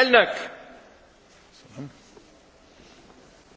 elnök!